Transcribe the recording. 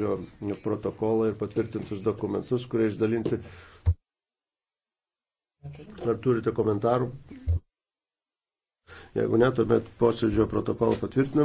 posėdžio protokolą ir patvirtintus dokumentus, kurie išdalinti. Ar turite komentarų? Jeigu ne, tuomet posėdžio protokolą patvirtinam.